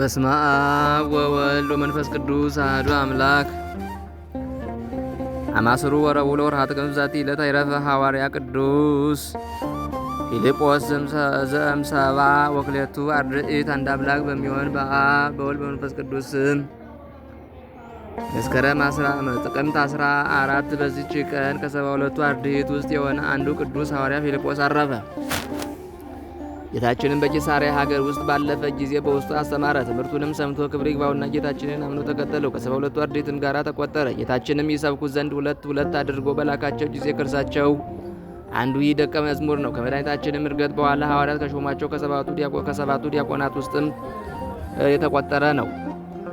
በስመ አብ ወወልድ ወመንፈስ ቅዱስ አሐዱ አምላክ። አማስሩ ወረቡዕ ለወርኃ ጥቅምት ዛቲ ዕለት አይረፈ ሐዋርያ ቅዱስ ፊልጶስ ዘእምሰባ ወክሌቱ አርድእት። አንድ አምላክ በሚሆን በአብ በወልድ በመንፈስ ቅዱስ ስም መስከረም ጥቅምት አስራ አራት በዚች ቀን ከሰባ ሁለቱ አርድእት ውስጥ የሆነ አንዱ ቅዱስ ሐዋርያ ፊልጶስ አረፈ። ጌታችንም በቂሳሪያ ሀገር ውስጥ ባለፈ ጊዜ በውስጡ አስተማረ። ትምህርቱንም ሰምቶ ክብር ይግባውና ጌታችንን አምኖ ተከተለው። ከሰባ ሁለቱ አርድእትም ጋር ተቆጠረ። ጌታችንም ይሰብኩት ዘንድ ሁለት ሁለት አድርጎ በላካቸው ጊዜ ከእርሳቸው አንዱ ይህ ደቀ መዝሙር ነው። ከመድኃኒታችንም እርገት በኋላ ሐዋርያት ከሾማቸው ከሰባቱ ዲያቆናት ውስጥም የተቆጠረ ነው።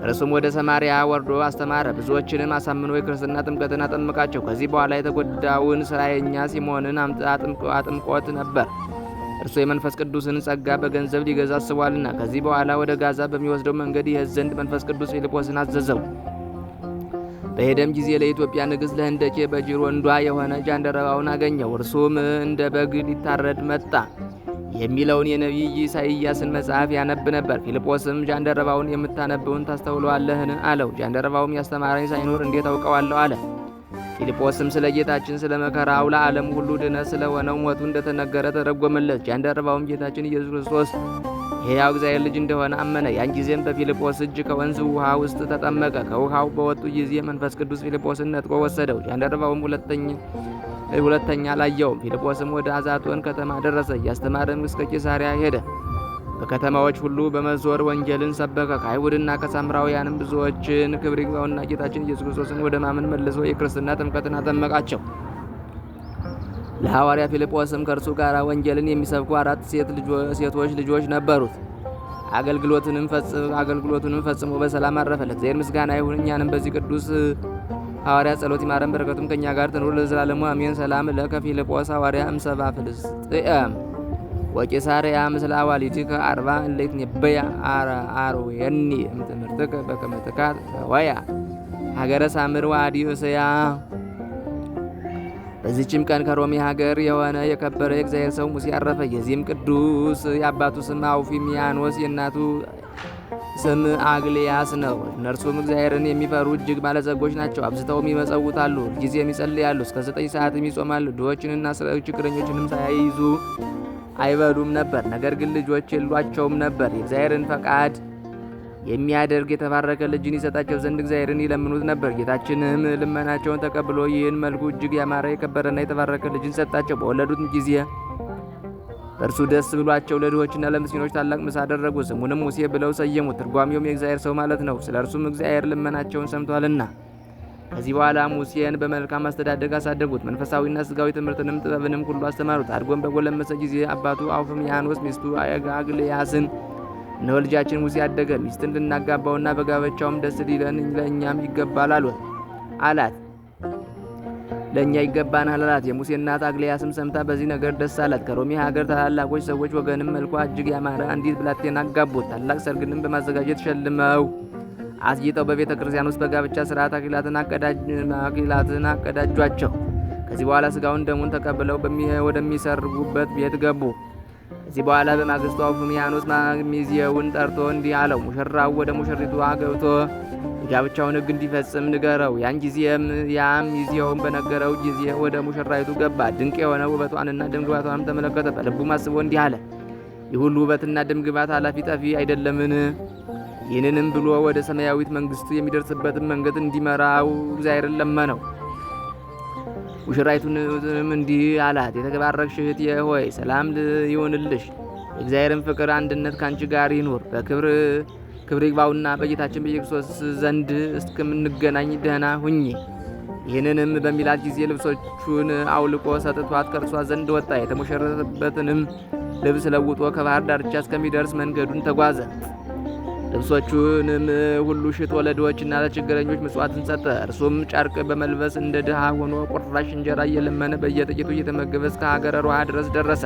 እርሱም ወደ ሰማሪያ ወርዶ አስተማረ። ብዙዎችንም አሳምኖ የክርስትና ጥምቀትን አጠምቃቸው። ከዚህ በኋላ የተጎዳውን ስራየኛ ሲሞንን አጥምቆት ነበር። እርሱ የመንፈስ ቅዱስን ጸጋ በገንዘብ ሊገዛ አስቧልና። ከዚህ በኋላ ወደ ጋዛ በሚወስደው መንገድ ይሄድ ዘንድ መንፈስ ቅዱስ ፊልጶስን አዘዘው። በሄደም ጊዜ ለኢትዮጵያ ንግሥት ለህንደኬ ወንዷ የሆነ ጃንደረባውን አገኘው። እርሱም እንደ በግ ሊታረድ መጣ የሚለውን የነቢይ ኢሳይያስን መጽሐፍ ያነብ ነበር። ፊልጶስም ጃንደረባውን የምታነበውን ታስተውለዋለህን? አለው። ጃንደረባውም ያስተማረኝ ሳይኖር እንዴት አውቀዋለሁ አለ። ፊልጶስም ስለ ጌታችን ስለ መከራው ለዓለም ሁሉ ድነ ስለሆነው ሞቱ እንደተነገረ ተረጎመለት። ጃንደረባውም ጌታችን ኢየሱስ ክርስቶስ የሕያው እግዚአብሔር ልጅ እንደሆነ አመነ። ያን ጊዜም በፊልጶስ እጅ ከወንዝ ውሃ ውስጥ ተጠመቀ። ከውሃው በወጡ ጊዜ መንፈስ ቅዱስ ፊልጶስን ነጥቆ ወሰደው። ጃንደረባውም ሁለተኛ ላየውም። ፊልጶስም ወደ አዛቶን ከተማ ደረሰ። እያስተማረም እስከ ቂሳሪያ ሄደ። በከተማዎች ሁሉ በመዞር ወንጌልን ሰበከ። ከአይሁድና ከሳምራውያንም ብዙዎችን ክብር ይግባውና ጌታችን ኢየሱስ ክርስቶስን ወደ ማመን መልሶ የክርስትና ጥምቀትን አጠመቃቸው። ለሐዋርያ ፊልጶስም ከእርሱ ጋር ወንጌልን የሚሰብኩ አራት ሴቶች ልጆች ነበሩት። አገልግሎቱንም ፈጽሞ በሰላም አረፈለት። ዘይር ምስጋና ይሁን እኛንም በዚህ ቅዱስ ሐዋርያ ጸሎት ይማረን፣ በረከቱም ከእኛ ጋር ትኑር ለዘላለሙ አሜን። ሰላም ለከ ፊልጶስ ሐዋርያ እምሰባ ፍልስጥኤም ወቂሳርያ ምስለ አዋሊድከ አርባ እለይትቤያ አርዌኒ እምትምህርትከ በከመ ትካት ወያ ሀገረ ሳምር ወአዲዮስያ። በዚህችም ቀን ከሮሚ ሀገር የሆነ የከበረ የእግዚአብሔር ሰው ሙሴ አረፈ። የዚህም ቅዱስ የአባቱ ስም አውፊሚያኖስ የእናቱ ስም አግሊያስ ነው። እነርሱም እግዚአብሔርን የሚፈሩ እጅግ ባለጸጎች ናቸው። አብዝተውም ይመጸውታሉ፣ ጊዜም ይጸልያሉ፣ እስከ ዘጠኝ ሰዓትም ይጾማሉ። ድሆችንና ችግረኞችንም ሳያይዙ አይበሉም ነበር። ነገር ግን ልጆች የሏቸውም ነበር። የእግዚአብሔርን ፈቃድ የሚያደርግ የተባረከ ልጅን ይሰጣቸው ዘንድ እግዚአብሔርን ይለምኑት ነበር። ጌታችንም ልመናቸውን ተቀብሎ ይህን መልኩ እጅግ ያማረ የከበረና የተባረከ ልጅን ሰጣቸው። በወለዱት ጊዜ እርሱ ደስ ብሏቸው ለድሆችና ለምስኪኖች ታላቅ ምሳ አደረጉ። ስሙንም ሙሴ ብለው ሰየሙት። ትርጓሚውም የእግዚአብሔር ሰው ማለት ነው። ስለ እርሱም እግዚአብሔር ልመናቸውን ሰምቷልና ከዚህ በኋላ ሙሴን በመልካም አስተዳደግ አሳደጉት። መንፈሳዊና ስጋዊ ትምህርትንም ጥበብንም ሁሉ አስተማሩት። አድጎን በጎለመሰ ጊዜ አባቱ አውፍምያኖስ ሚስቱ አጋግልያስን እነሆ ልጃችን ሙሴ አደገ፣ ሚስትን ልናጋባውና በጋብቻውም ደስ ሊለን ለእኛም ይገባል አሉት አላት ለእኛ ይገባናል አላት። የሙሴ እናት ሰምታ በዚህ ነገር ደስ አላት። ከሮሚ ሀገር ታላላቆች ሰዎች ወገንም መልኳ እጅግ ያማረ አንዲት ብላቴና አጋቡት። ታላቅ ሰርግንም በማዘጋጀት ሸልመው አስጊጠው በቤተ ክርስቲያን ውስጥ በጋብቻ ስርዓት አክሊላትን አቀዳጇቸው። ከዚህ በኋላ ስጋውን ደሙን ተቀብለው ወደሚሰርጉበት ቤት ገቡ። ከዚህ በኋላ በማግስቱ አውፍሚያኖስ ሚዜውን ጠርቶ እንዲህ አለው፣ ሙሽራው ወደ ሙሽሪቷ ገብቶ የጋብቻውን ሕግ እንዲፈጽም ንገረው። ያን ጊዜም ያም ሚዜውን በነገረው ጊዜ ወደ ሙሽራይቱ ገባ። ድንቅ የሆነ ውበቷንና ደምግባቷንም ተመለከተ። በልቡም አስቦ እንዲህ አለ፣ ይህ ሁሉ ውበትና ድምግባት ኃላፊ ጠፊ አይደለምን? ይህንንም ብሎ ወደ ሰማያዊት መንግስቱ የሚደርስበትን መንገድ እንዲመራው እግዚአብሔርን ለመነው። ውሽራይቱንም እንዲህ አላት፣ የተባረክሽ እህቴ ሆይ ሰላም ይሆንልሽ፣ የእግዚአብሔርን ፍቅር አንድነት ከአንቺ ጋር ይኑር፣ በክብር ክብር ይግባውና በጌታችን በኢየሱስ ዘንድ እስከምንገናኝ ደህና ሁኚ። ይህንንም በሚላት ጊዜ ልብሶቹን አውልቆ ሰጥቷት ከእርሷ ዘንድ ወጣ። የተሞሸረበትንም ልብስ ለውጦ ከባህር ዳርቻ እስከሚደርስ መንገዱን ተጓዘ። ልብሶቹንም ሁሉ ሽቶ ለድሆችና ለችግረኞች ምጽዋትን ሰጠ። እርሱም ጨርቅ በመልበስ እንደ ድሃ ሆኖ ቁራሽ እንጀራ እየለመነ በየጥቂቱ እየተመገበ እስከ ሀገረ ሮሃ ድረስ ደረሰ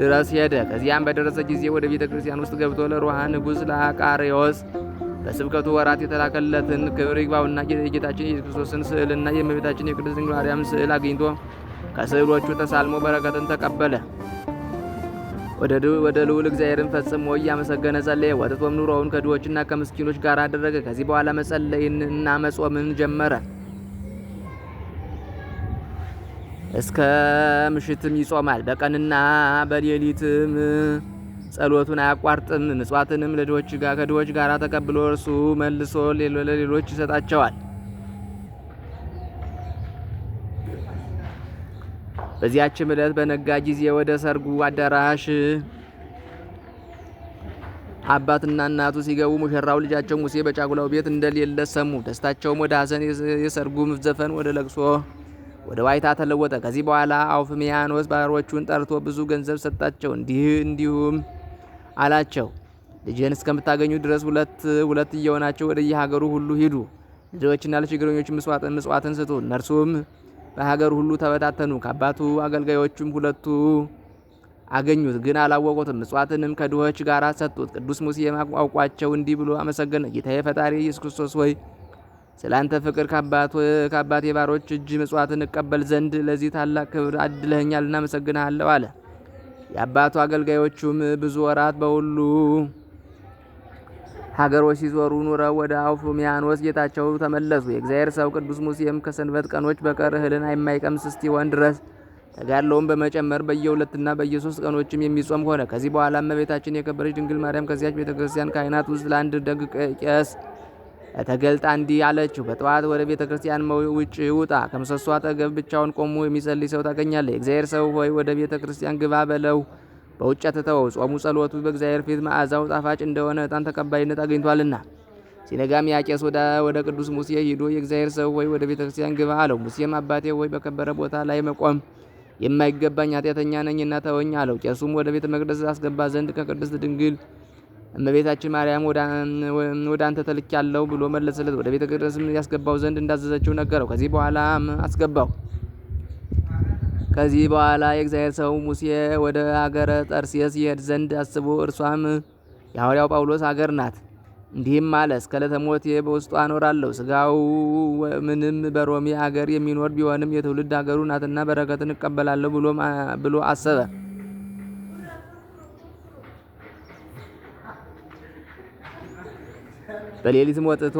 ድረስ ሄደ። ከዚያም በደረሰ ጊዜ ወደ ቤተ ክርስቲያን ውስጥ ገብቶ ለሮሃ ንጉሥ ለአቃሪዎስ በስብከቱ ወራት የተላከለትን ክብር ይግባውና የጌታችን ኢየሱስ ክርስቶስን ስዕልና የእመቤታችን የቅድስት ድንግል ማርያም ስዕል አግኝቶ ከስዕሎቹ ተሳልሞ በረከትን ተቀበለ። ወደ ልዑል እግዚአብሔርን ፈጽሞ እያመሰገነ ጸለየ። ወጥቶም ኑሮውን ከድሆችና ከምስኪኖች ጋር አደረገ። ከዚህ በኋላ መጸለይንና መጾምን ጀመረ። እስከ ምሽትም ይጾማል። በቀንና በሌሊትም ጸሎቱን አያቋርጥም። ምጽዋትንም ከድሆች ጋር ተቀብሎ እርሱ መልሶ ለሌሎች ይሰጣቸዋል። በዚያችም ዕለት በነጋ ጊዜ ወደ ሰርጉ አዳራሽ አባትና እናቱ ሲገቡ ሙሽራው ልጃቸው ሙሴ በጫጉላው ቤት እንደሌለ ሰሙ። ደስታቸውም ወደ ሐዘን፣ የሰርጉ ዘፈን ወደ ለቅሶ፣ ወደ ዋይታ ተለወጠ። ከዚህ በኋላ አውፍሚያኖስ ባሮቹን ጠርቶ ብዙ ገንዘብ ሰጣቸው። እንዲህ እንዲሁም አላቸው፣ ልጅን እስከምታገኙ ድረስ ሁለት ሁለት እየሆናቸው ወደ የሀገሩ ሁሉ ሂዱ። ልጆችና ለችግረኞች ምጽዋትን ስጡ። እነርሱም በሀገር ሁሉ ተበታተኑ። ከአባቱ አገልጋዮቹም ሁለቱ አገኙት፣ ግን አላወቁትም። ምጽዋትንም ከድሆች ጋር ሰጡት። ቅዱስ ሙሴ አውቋቸው እንዲህ ብሎ አመሰገነ። ጌታዬ ፈጣሪ ኢየሱስ ክርስቶስ ሆይ ስለ አንተ ፍቅር ከአባቴ ባሮች እጅ ምጽዋትን እቀበል ዘንድ ለዚህ ታላቅ ክብር አድለኸኛል፣ እናመሰግንሃለሁ አለ። የአባቱ አገልጋዮቹም ብዙ ወራት በሁሉ ሀገሮች ሲዞሩ ኑረው ወደ አውፍሚያኖስ ጌታቸው ተመለሱ። የእግዚአብሔር ሰው ቅዱስ ሙሴም ከሰንበት ቀኖች በቀር እህልን የማይቀምስ እስኪሆን ድረስ ተጋድለውን በመጨመር በየሁለትና በየሶስት ቀኖችም የሚጾም ሆነ። ከዚህ በኋላ እመቤታችን የከበረች ድንግል ማርያም ከዚያች ቤተ ክርስቲያን ካህናት ውስጥ ለአንድ ደግ ቄስ ተገልጣ እንዲህ አለችው። በጠዋት ወደ ቤተ ክርስቲያን ውጭ ውጣ። ከምሰሶ አጠገብ ብቻውን ቆሞ የሚጸልይ ሰው ታገኛለህ። የእግዚአብሔር ሰው ሆይ ወደ ቤተ ክርስቲያን ግባ በለው በውጭ ተተወው። ጾሙ፣ ጸሎቱ በእግዚአብሔር ፊት መዓዛው ጣፋጭ እንደሆነ ዕጣን ተቀባይነት አግኝቷልና። ሲነጋም ያ ቄስ ወደ ቅዱስ ሙሴ ሂዶ የእግዚአብሔር ሰው ወይ ወደ ቤተ ክርስቲያን ግባ አለው። ሙሴም አባቴ ወይ በከበረ ቦታ ላይ መቆም የማይገባኝ ኃጢአተኛ ነኝና ተወኝ አለው። ቄሱም ወደ ቤተ መቅደስ አስገባ ዘንድ ከቅድስት ድንግል እመቤታችን ማርያም ወደ አንተ ተልኪያለሁ ብሎ መለሰለት። ወደ ቤተ ክርስቲያን ያስገባው ዘንድ እንዳዘዘችው ነገረው። ከዚህ በኋላም አስገባው። ከዚህ በኋላ የእግዚአብሔር ሰው ሙሴ ወደ አገረ ጠርሴስ ይሄድ ዘንድ አስቦ እርሷም የሐዋርያው ጳውሎስ አገር ናት። እንዲህም አለ፣ እስከ ዕለተ ሞቴ በውስጧ እኖራለሁ። ምንም በሮሚ አገር የሚኖር ቢሆንም የትውልድ አገሩ ናትና በረከትን እቀበላለሁ ብሎ አሰበ። በሌሊትም ወጥቶ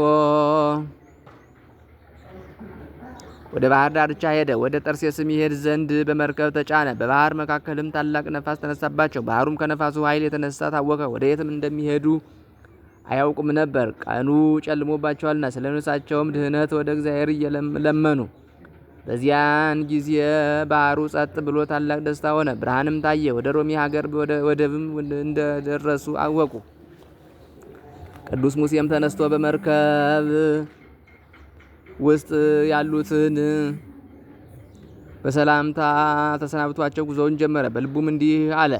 ወደ ባህር ዳርቻ ሄደ። ወደ ጠርሴስም ይሄድ ዘንድ በመርከብ ተጫነ። በባህር መካከልም ታላቅ ነፋስ ተነሳባቸው። ባህሩም ከነፋሱ ኃይል የተነሳ ታወቀ ወደ የትም እንደሚሄዱ አያውቁም ነበር፣ ቀኑ ጨልሞባቸዋልና። ስለ ነፍሳቸውም ድህነት ወደ እግዚአብሔር እየለመኑ በዚያን ጊዜ ባህሩ ጸጥ ብሎ ታላቅ ደስታ ሆነ። ብርሃንም ታየ። ወደ ሮሚ ሀገር ወደብም እንደደረሱ አወቁ። ቅዱስ ሙሴም ተነስቶ በመርከብ ውስጥ ያሉትን በሰላምታ ተሰናብቷቸው ጉዞውን ጀመረ። በልቡም እንዲህ አለ፣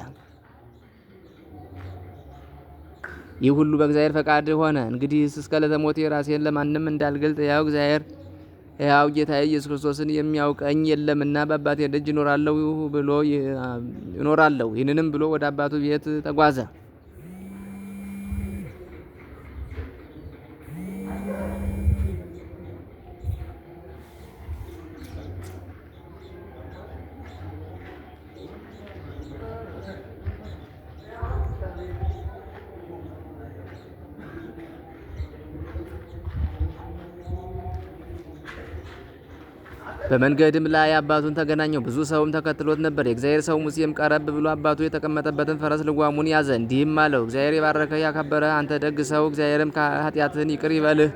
ይህ ሁሉ በእግዚአብሔር ፈቃድ ሆነ። እንግዲህ እስከ ለተሞቴ ራሴን ለማንም እንዳልገልጥ ያው እግዚአብሔር ያው ጌታ ኢየሱስ ክርስቶስን የሚያውቀኝ የለምና በአባቴ ደጅ ይኖራለሁ ብሎ ይኖራለሁ። ይህንንም ብሎ ወደ አባቱ ቤት ተጓዘ። በመንገድም ላይ አባቱን ተገናኘው፣ ብዙ ሰውም ተከትሎት ነበር። የእግዚአብሔር ሰው ሙሴም ቀረብ ብሎ አባቱ የተቀመጠበትን ፈረስ ልጓሙን ያዘ፣ እንዲህም አለው፦ እግዚአብሔር የባረከ ያከበረ አንተ ደግ ሰው፣ እግዚአብሔርም ኃጢአትህን ይቅር ይበልህ፣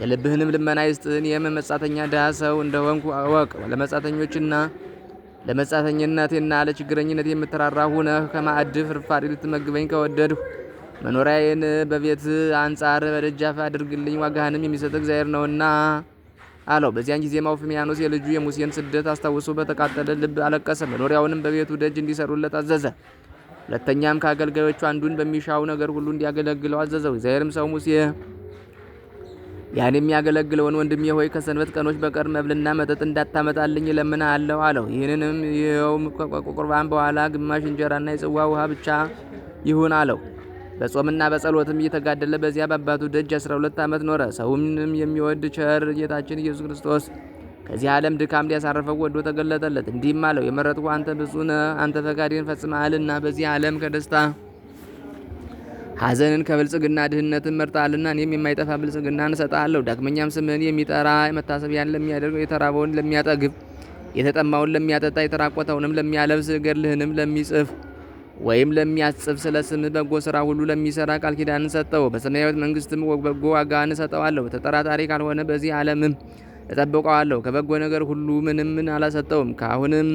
የልብህንም ልመና ይስጥህን። ይህም መጻተኛ ድሃ ሰው እንደሆንኩ እወቅ። ለመጻተኞችና ለመጻተኝነቴና ለችግረኝነት የምትራራ ሁነህ ከማዕድ ፍርፋሪ ልትመግበኝ ከወደድሁ መኖሪያዬን በቤት አንጻር በደጃፍ አድርግልኝ፣ ዋጋህንም የሚሰጥ እግዚአብሔር ነውና አለው። በዚያን ጊዜ ማውፍሚያኖስ የልጁ የሙሴን ስደት አስታውሶ በተቃጠለ ልብ አለቀሰ። መኖሪያውንም በቤቱ ደጅ እንዲሰሩለት አዘዘ። ሁለተኛም ከአገልጋዮቹ አንዱን በሚሻው ነገር ሁሉ እንዲያገለግለው አዘዘው። እግዚአብሔርም ሰው ሙሴ ያን የሚያገለግለውን ወንድሜ ሆይ ከሰንበት ቀኖች በቀር መብልና መጠጥ እንዳታመጣልኝ ለምን አለው። ይህንንም ይኸውም ከቁርባን በኋላ ግማሽ እንጀራና የጽዋ ውሃ ብቻ ይሁን አለው። በጾምና በጸሎትም እየተጋደለ በዚያ በአባቱ ደጅ 12 ዓመት ኖረ። ሰውንም የሚወድ ቸር ጌታችን ኢየሱስ ክርስቶስ ከዚህ ዓለም ድካም ሊያሳርፈው ወዶ ተገለጠለት። እንዲህም አለው፣ የመረጥኩ አንተ ብፁዕ ነህ። አንተ ፈቃድን ፈጽመሃልና በዚህ ዓለም ከደስታ ሐዘንን ከብልጽግና ድህነትን መርጣልና እኔም የማይጠፋ ብልጽግና እንሰጣለሁ። ዳግመኛም ስምህን የሚጠራ መታሰቢያን ለሚያደርግ የተራበውን ለሚያጠግብ የተጠማውን ለሚያጠጣ የተራቆተውንም ለሚያለብስ ገድልህንም ለሚጽፍ ወይም ለሚያጽፍ ስለ ስምህ በጎ ስራ ሁሉ ለሚሰራ ቃል ኪዳን ሰጠው። በሰማያዊት መንግስትም በጎ ዋጋን እሰጠዋለሁ። ተጠራጣሪ ካልሆነ በዚህ ዓለምም እጠብቀዋለሁ። ከበጎ ነገር ሁሉ ምንም ምን አላሰጠውም። ከአሁንም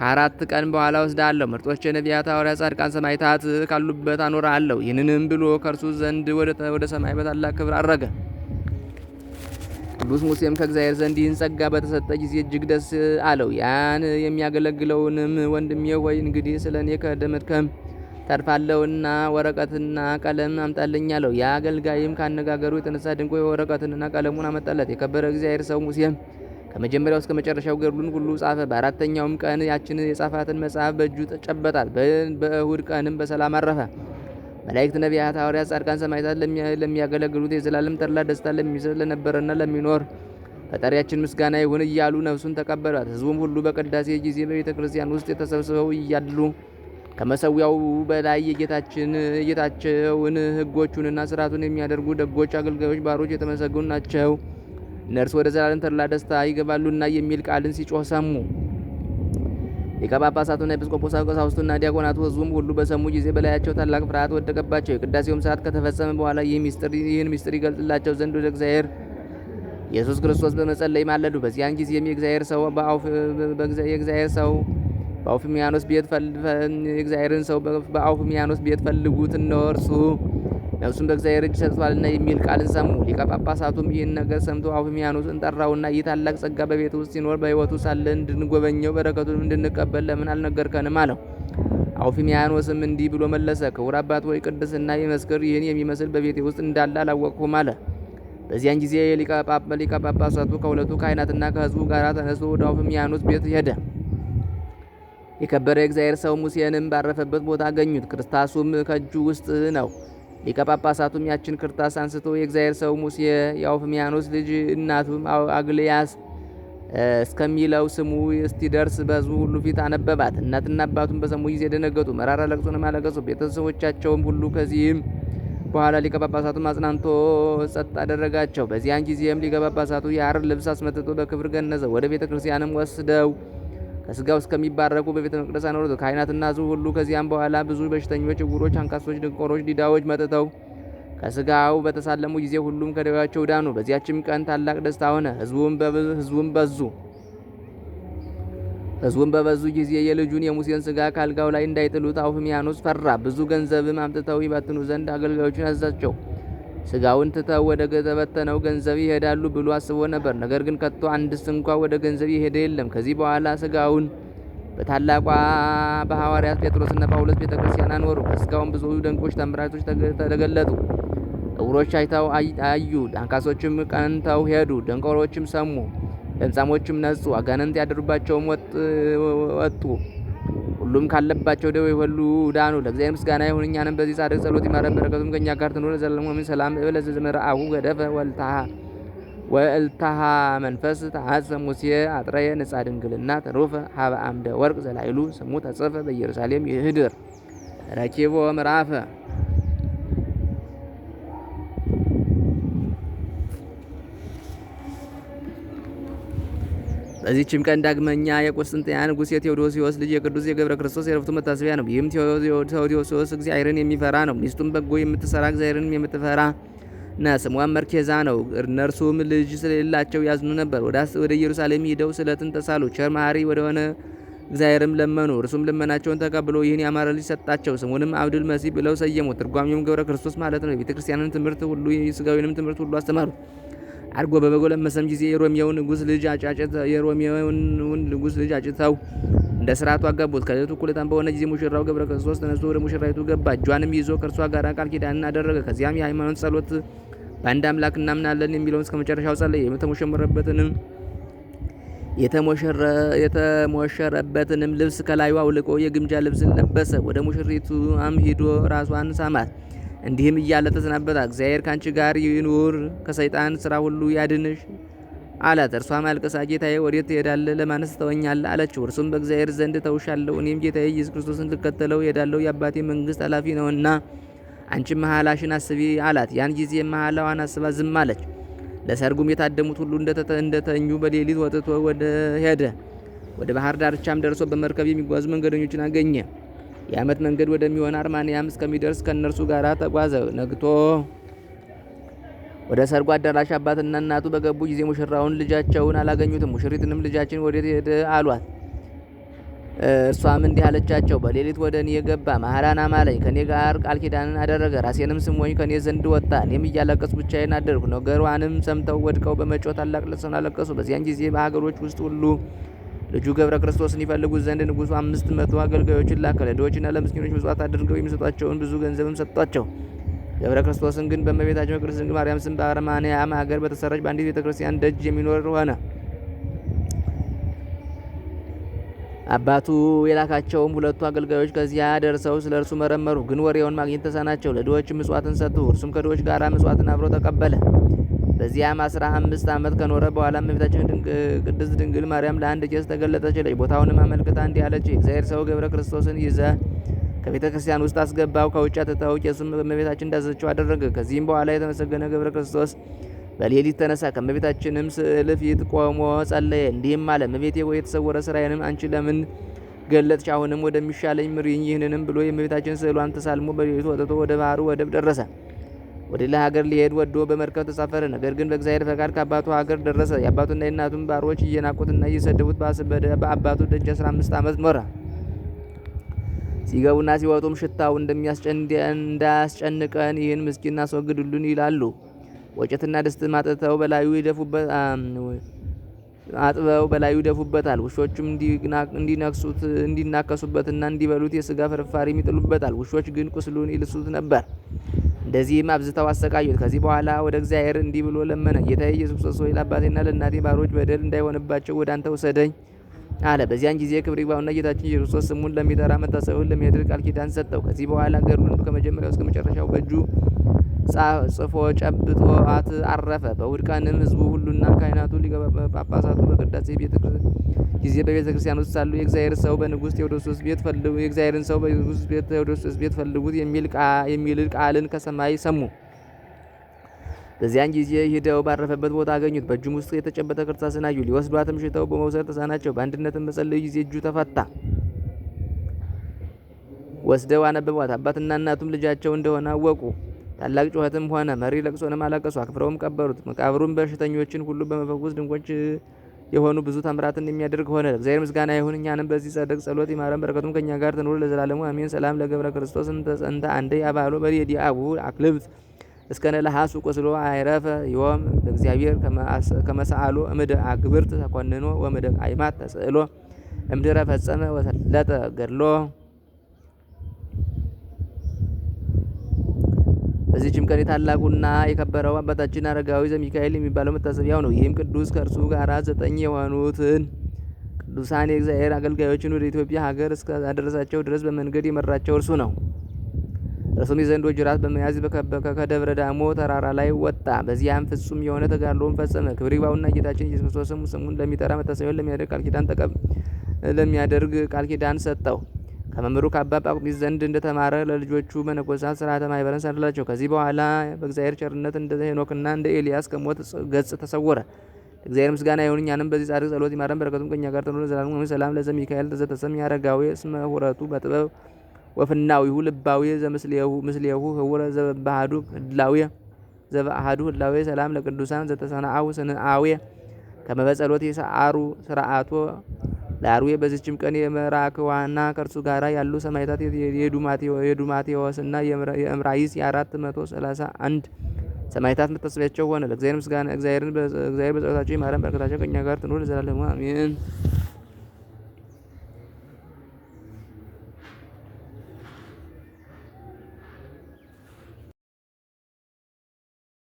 ከአራት ቀን በኋላ ወስዳለሁ። ምርጦች ነቢያት፣ ሐዋርያት፣ ጻድቃን፣ ሰማዕታት ካሉበት አኖራለሁ። ይህንንም ብሎ ከእርሱ ዘንድ ወደ ሰማይ በታላቅ ክብር አረገ። ቅዱስ ሙሴም ከእግዚአብሔር ዘንድ ይህን ጸጋ በተሰጠ ጊዜ እጅግ ደስ አለው። ያን የሚያገለግለውንም ወንድሜ ሆይ እንግዲህ ስለ እኔ ከደመድከም ተርፋለውና ወረቀትና ቀለም አምጣልኝ አለው። ያ አገልጋይም ካነጋገሩ የተነሳ ድንቆ ወረቀትንና ቀለሙን አመጣለት። የከበረ እግዚአብሔር ሰው ሙሴም ከመጀመሪያው እስከ መጨረሻው ገድሉን ሁሉ ጻፈ። በአራተኛውም ቀን ያችን የጻፋትን መጽሐፍ በእጁ ጨበጣት። በእሁድ ቀንም በሰላም አረፈ። መላእክት፣ ነቢያት፣ ሐዋርያት፣ ጻድቃን፣ ሰማዕታት ለሚያገለግሉት የዘላለም ተድላ ደስታ ለሚሰጥ ለነበረና ለሚኖር ፈጣሪያችን ምስጋና ይሁን እያሉ ነፍሱን ተቀበሏት። ህዝቡም ሁሉ በቅዳሴ ጊዜ በቤተ ክርስቲያን ውስጥ ተሰብስበው እያሉ ከመሰዊያው በላይ የጌታችን የጌታቸውን ህጎቹንና ስርዓቱን የሚያደርጉ ደጎች አገልጋዮች ባሮች የተመሰገኑ ናቸው እነርሱ ወደ ዘላለም ተድላ ደስታ ይገባሉና የሚል ቃልን ሲጮህ ሰሙ። ሊቀ ጳጳሳቱና ኤጲስቆጶሳቱ ቀሳውስቱና ዲያቆናቱ ህዝቡም ሁሉ በሰሙ ጊዜ በላያቸው ታላቅ ፍርሃት ወደቀባቸው። የቅዳሴውም ሰዓት ከተፈጸመ በኋላ ይህን ምስጢር ይገልጽላቸው ዘንድ ወደ እግዚአብሔር ኢየሱስ ክርስቶስ በመጸለይ ማለዱ። በዚያን ጊዜም የእግዚአብሔር ሰው የእግዚአብሔር ሰው በአውፍሚያኖስ ቤት የእግዚአብሔርን ሰው በአውፍሚያኖስ ቤት ፈልጉት እነርሱ ነፍሱን በእግዚአብሔር እጅ ሰጥቷልና የሚል ቃልን ሰሙ። ሊቀ ጳጳሳቱም ይህን ነገር ሰምቶ አውፍሚያኖስን እንጠራውና ይህ ታላቅ ጸጋ በቤት ውስጥ ሲኖር በሕይወቱ ሳለ እንድንጎበኘው በረከቱን እንድንቀበል ለምን አልነገርከንም አለው። አውፊሚያኖስም እንዲህ ብሎ መለሰ። ክቡር አባት ወይ ቅድስና የመስክር ይህን የሚመስል በቤቴ ውስጥ እንዳለ አላወቅሁም አለ። በዚያን ጊዜ ሊቀ ጳጳሳቱ ከሁለቱ ካህናትና ከሕዝቡ ጋር ተነስቶ ወደ አውፊሚያኖስ ቤት ሄደ። የከበረ የእግዚአብሔር ሰው ሙሴንም ባረፈበት ቦታ አገኙት። ክርስታሱም ከእጁ ውስጥ ነው። ሊቀ ጳጳሳቱም ያችን ክርታስ አንስቶ የእግዚአብሔር ሰው ሙሴ የአውፍሚያኖስ ልጅ እናቱም አግልያስ እስከሚለው ስሙ እስቲደርስ በሕዝቡ ሁሉ ፊት አነበባት። እናትና አባቱም በሰሙ ጊዜ ደነገጡ፣ መራራ ለቅሶንም አለቀሱ። ቤተሰቦቻቸውም ሁሉ ከዚህም በኋላ ሊቀ ጳጳሳቱም አጽናንቶ ጸጥ አደረጋቸው። በዚያን ጊዜም ሊቀ ጳጳሳቱ ልብስ አስመጥቶ በክብር ገነዘ። ወደ ቤተ ክርስቲያንም ወስደው በስጋው እስከሚባረኩ በቤተ መቅደስ አኖሩት። ካህናትና ሕዝቡ ሁሉ ከዚያም በኋላ ብዙ በሽተኞች፣ እጉሮች፣ አንካሶች፣ ድንቆሮች፣ ዲዳዎች መጥተው ከስጋው በተሳለሙ ጊዜ ሁሉም ከደዌያቸው ዳኑ። በዚያችም ቀን ታላቅ ደስታ ሆነ። ሕዝቡም በዙ ሕዝቡም በበዙ ጊዜ የልጁን የሙሴን ስጋ ካልጋው ላይ እንዳይጥሉት አውፍሚያኖስ ፈራ። ብዙ ገንዘብም አምጥተው ይበትኑ ዘንድ አገልጋዮቹን አዛቸው። ስጋውን ትተው ወደ ተበተነው ገንዘብ ይሄዳሉ ብሎ አስቦ ነበር። ነገር ግን ከቶ አንድስ እንኳ ወደ ገንዘብ ይሄደ የለም። ከዚህ በኋላ ስጋውን በታላቋ በሐዋርያት ጴጥሮስና ጳውሎስ ቤተ ክርስቲያን አኖሩ። ከስጋውን ብዙ ደንቆች ተምራቶች ተገለጡ። እውሮች አይተው አዩ፣ አንካሶችም ቀንተው ሄዱ፣ ደንቆሮችም ሰሙ፣ ለምጻሞችም ነጹ፣ አጋንንት ያደሩባቸውም ወጡ። ሁሉም ካለባቸው ደዌ ሁሉ ዳኑ። ለእግዚአብሔር ምስጋና ይሁን፣ እኛንም በዚህ ጻድቅ ጸሎት ይማረን፣ በረከቱም ከእኛ ጋር ትኑር ለዘላለሙ አሜን። ሰላም እብል ዘመርአሁ ገደፈ ወልታሃ ወእልታሃ መንፈስ ተአጽ ሙሴ አጥረየ ንጻ ድንግልና ተሩፈ ሀበ አምደ ወርቅ ዘላይሉ ስሙ ተጽፈ በኢየሩሳሌም ይህድር ረኪቦ ምራፈ በዚህችም ቀን ዳግመኛ የቁስጥንጥንያ ንጉሥ የቴዎዶሲዎስ ልጅ የቅዱስ የገብረ ክርስቶስ የረፍቱ መታሰቢያ ነው። ይህም ቴዎዶሲዎስ እግዚአብሔርን የሚፈራ ነው። ሚስቱም በጎ የምትሰራ እግዚአብሔርን የምትፈራ ና ስሟም መርኬዛ ነው። እነርሱም ልጅ ስለሌላቸው ያዝኑ ነበር። ወደ ኢየሩሳሌም ሂደው ስለትን ተሳሉ። ቸር መሐሪ ወደሆነ እግዚአብሔርም ለመኑ። እርሱም ልመናቸውን ተቀብሎ ይህን ያማረ ልጅ ሰጣቸው። ስሙንም አብዱል መሲህ ብለው ሰየሙ ትርጓሚውም ገብረ ክርስቶስ ማለት ነው። የቤተ ክርስቲያንን ትምህርት ሁሉ የሥጋዊንም ትምህርት ሁሉ አስተማሩ። አድርጎ በበጎለመሰም ጊዜ የሮሜውን ንጉስ ልጅ አጫጭት የሮሜውን ንጉስ ልጅ አጭተው እንደ ስርዓቱ አጋቡት። ከሌሊቱ እኩሌታም በሆነ ጊዜ ሙሽራው ገብረ ክርስቶስ ተነስቶ ወደ ሙሽራይቱ ገባ። እጇንም ይዞ ከእርሷ ጋር ቃል ኪዳንን አደረገ። ከዚያም የሃይማኖት ጸሎት በአንድ አምላክ እናምናለን የሚለውን እስከ መጨረሻው ጸለየ። የተሞሸመረበትንም የተሞሸረበትንም ልብስ ከላዩ አውልቆ የግምጃ ልብስን ለበሰ። ወደ ሙሽሪቱ አም ሂዶ ራሷን ሳማት። እንዲህም እያለ ተሰናበታ። እግዚአብሔር ካንቺ ጋር ይኑር፣ ከሰይጣን ስራ ሁሉ ያድንሽ አላት። እርሷም አልቅሳ ጌታዬ ወዴት ትሄዳለህ? ለማንስ ተወኛለህ? አለችው። እርሱም በእግዚአብሔር ዘንድ ተውሻለሁ፣ እኔም ጌታዬ ኢየሱስ ክርስቶስን ልከተለው እሄዳለሁ፣ የአባቴ መንግስት ኃላፊ ነውና አንቺ መሐላሽን አስቢ አላት። ያን ጊዜ መሐላዋን አስባ ዝም አለች። ለሰርጉም የታደሙት ሁሉ እንደተኙ በሌሊት ወጥቶ ወደ ሄደ። ወደ ባህር ዳርቻም ደርሶ በመርከብ የሚጓዙ መንገደኞችን አገኘ። የዓመት መንገድ ወደሚሆን አርማንያም እስከሚደርስ ከእነርሱ ጋር ተጓዘ። ነግቶ ወደ ሰርጉ አዳራሽ አባትና እናቱ በገቡ ጊዜ ሙሽራውን ልጃቸውን አላገኙትም። ሙሽሪትንም ልጃችን ወዴት ሄደ አሏት። እርሷም እንዲህ አለቻቸው፣ በሌሊት ወደ እኔ የገባ መሐራን አማለኝ፣ ከእኔ ጋር ቃል ኪዳንን አደረገ፣ ራሴንም ስሞኝ ከእኔ ዘንድ ወጣ። እኔም እያለቀሱ ብቻዬን አደርኩ። ነገሯንም ሰምተው ወድቀው በመጮ ታላቅ ልቅሶን አለቀሱ። በዚያን ጊዜ በሀገሮች ውስጥ ሁሉ ልጁ ገብረ ክርስቶስን ይፈልጉት ዘንድ ንጉሱ አምስት መቶ አገልጋዮችን ላከ። ለድሆችና ለምስኪኖች ምጽዋት አድርገው የሚሰጧቸውን ብዙ ገንዘብም ሰጧቸው። ገብረ ክርስቶስን ግን በእመቤታችን በቅድስት ድንግል ማርያም ስም በአርማንያም ሀገር በተሰራች በአንዲት ቤተ ክርስቲያን ደጅ የሚኖር ሆነ። አባቱ የላካቸውም ሁለቱ አገልጋዮች ከዚያ ደርሰው ስለ እርሱ መረመሩ፣ ግን ወሬውን ማግኘት ተሳናቸው። ለድሆች ምጽዋትን ሰጡ፣ እርሱም ከድሆች ጋር ምጽዋትን አብሮ ተቀበለ። በዚያም አስራ አምስት ዓመት ከኖረ በኋላ እመቤታችን ቅድስት ድንግል ማርያም ለአንድ ቄስ ተገለጠችለች። ቦታውንም አመልክታ እንዲህ አለች፣ እግዚአብሔር ሰው ገብረ ክርስቶስን ይዘ ከቤተ ክርስቲያን ውስጥ አስገባው፣ ከውጭ አትተው። ቄሱም እመቤታችን እንዳዘችው አደረገ። ከዚህም በኋላ የተመሰገነ ገብረ ክርስቶስ በሌሊት ተነሳ፣ ከእመቤታችንም ስዕል ፊት ቆሞ ጸለየ። እንዲህም አለ፣ እመቤቴ ወይ የተሰወረ ስራዬንም አንቺ ለምን ገለጥሽ? አሁንም ወደሚሻለኝ ምሪኝ። ይህንንም ብሎ የእመቤታችን ስዕሏን ተሳልሞ በሌሊቱ ወጥቶ ወደ ባህሩ ወደብ ደረሰ። ወደ ሌላ ሀገር ሊሄድ ወዶ በመርከብ ተሳፈረ። ነገር ግን በእግዚአብሔር ፈቃድ ከአባቱ ሀገር ደረሰ። የአባቱና የእናቱን ባሮች እየናቁትና እየሰደቡት በአባቱ ደጅ 15 ዓመት ኖረ። ሲገቡና ሲወጡም ሽታው እንዳያስጨንቀን ይህን ምስኪን አስወግዱልን ይላሉ። ወጭትና ድስት ማጥተው በላዩ ይደፉበት አጥበው በላዩ ይደፉበታል። ውሾችም እንዲነክሱት እንዲናከሱበትና እንዲበሉት የስጋ ፍርፋሪ ይጥሉበታል። ውሾች ግን ቁስሉን ይልሱት ነበር። እንደዚህም አብዝተው አሰቃዩት። ከዚህ በኋላ ወደ እግዚአብሔር እንዲህ ብሎ ለመነ። ጌታ ኢየሱስ ክርስቶስ ሆይ ለአባቴና ለእናቴ ባሮች በደል እንዳይሆንባቸው ወደ አንተ ውሰደኝ አለ። በዚያን ጊዜ ክብር ይግባውና ጌታችን ኢየሱስ ክርስቶስ ስሙን ለሚጠራ መታሰቡን ለሚያደርግ ቃል ኪዳን ሰጠው። ከዚህ በኋላ ገድሉን ከመጀመሪያው እስከ መጨረሻው በእጁ ጽፎ አት አረፈ። በውድቀንም ህዝቡ ሁሉና ካህናቱ፣ ሊቀ ጳጳሳቱ በቅዳሴ ጊዜ በቤተ ክርስቲያን ውስጥ ሳሉ የእግዚአብሔር ሰው በንጉሥ ቴዎዶሶስ ቤት ፈልጉ የእግዚአብሔርን ሰው በንጉሥ ቴዎዶሶስ ቤት ፈልጉት የሚል ቃልን ከሰማይ ሰሙ። በዚያን ጊዜ ሂደው ባረፈበት ቦታ አገኙት። በእጁም ውስጥ የተጨበጠ ቅርጻስን አዩ። ሊወስዷትም ሽተው በመውሰድ ተሳናቸው። በአንድነትም በጸለዩ ጊዜ እጁ ተፈታ። ወስደው አነበቧት። አባትና እናቱም ልጃቸው እንደሆነ አወቁ። ታላቅ ጩኸትም ሆነ መሪ ለቅሶንም አለቀሱ፣ አክብረውም ቀበሩት። መቃብሩን በሽተኞችን ሁሉ በመፈወስ ድንቆች የሆኑ ብዙ ተምራትን የሚያደርግ ሆነ። ለእግዚአብሔር ምስጋና ይሁን፣ እኛንም በዚህ ጸደቅ ጸሎት ይማረን፣ በረከቱም ከእኛ ጋር ትኑር ለዘላለሙ አሜን። ሰላም ለገብረ ክርስቶስ እንተ አንደ ያባሉ በዲአቡ አክልብት እስከ ነለሃሱ ቁስሎ አይረፈ ይወም ለእግዚአብሔር ከመሰአሎ እምድ አግብርት ተኮንኖ ወምደ አይማት ተስእሎ እምድረ ፈጸመ ወሰለጠ ገድሎ በዚህችም ቀን የታላቁና የከበረው አባታችን አረጋዊ ዘሚካኤል የሚባለው መታሰቢያው ነው። ይህም ቅዱስ ከእርሱ ጋር ዘጠኝ የሆኑትን ቅዱሳን የእግዚአብሔር አገልጋዮችን ወደ ኢትዮጵያ ሀገር እስካደረሳቸው ድረስ በመንገድ የመራቸው እርሱ ነው። እርሱም የዘንዶ ጅራት በመያዝ ከደብረ ዳሞ ተራራ ላይ ወጣ። በዚያም ፍጹም የሆነ ተጋድሎውን ፈጸመ። ክብር ይግባውና ጌታችን ኢየሱስ ክርስቶስም ስሙን ለሚጠራ መታሰቢያውን ለሚያደርግ ቃል ኪዳን ሰጠው። ከመምህሩ ከአባ ጳኩሚስ ዘንድ እንደተማረ ለልጆቹ መነኮሳት ስርዓተ ማይበረን ሰርላቸው። ከዚህ በኋላ በእግዚአብሔር ቸርነት እንደ ሄኖክና እንደ ኤልያስ ከሞት ገጽ ተሰወረ። እግዚአብሔር ምስጋና ይሁን፣ እኛንም በዚህ ጻድቅ ጸሎት ይማረን፣ በረከቱም ከእኛ ጋር ትኑር ለዘላለሙ ሰላም ለዘ ሚካኤል ዘተሰም ያረጋዊ እስመ ሁረቱ በጥበብ ወፍናዊሁ ልባዊ ዘምስሌሁ ምስሌሁ ህውረ ዘበባህዱ ህድላዊ ዘበአህዱ ህድላዊ ሰላም ለቅዱሳን ዘተሰናአው ስንአዊ ከመበጸሎት የሰአሩ ስርአቶ ለአርዌ በዚችም ቀን የመራክዋና ከእርሱ ጋራ ያሉ ሰማዕታት የዱማቴዎስና የእምራይስ የአራት መቶ ሰላሳ አንድ ሰማይታት መታሰቢያቸው ሆነ። ለእግዚአብሔር ምስጋና። እግዚአብሔር በጸሎታቸው ይማረን፣ በረከታቸው ከእኛ ጋር ትኑር ለዘላለሙ አሜን።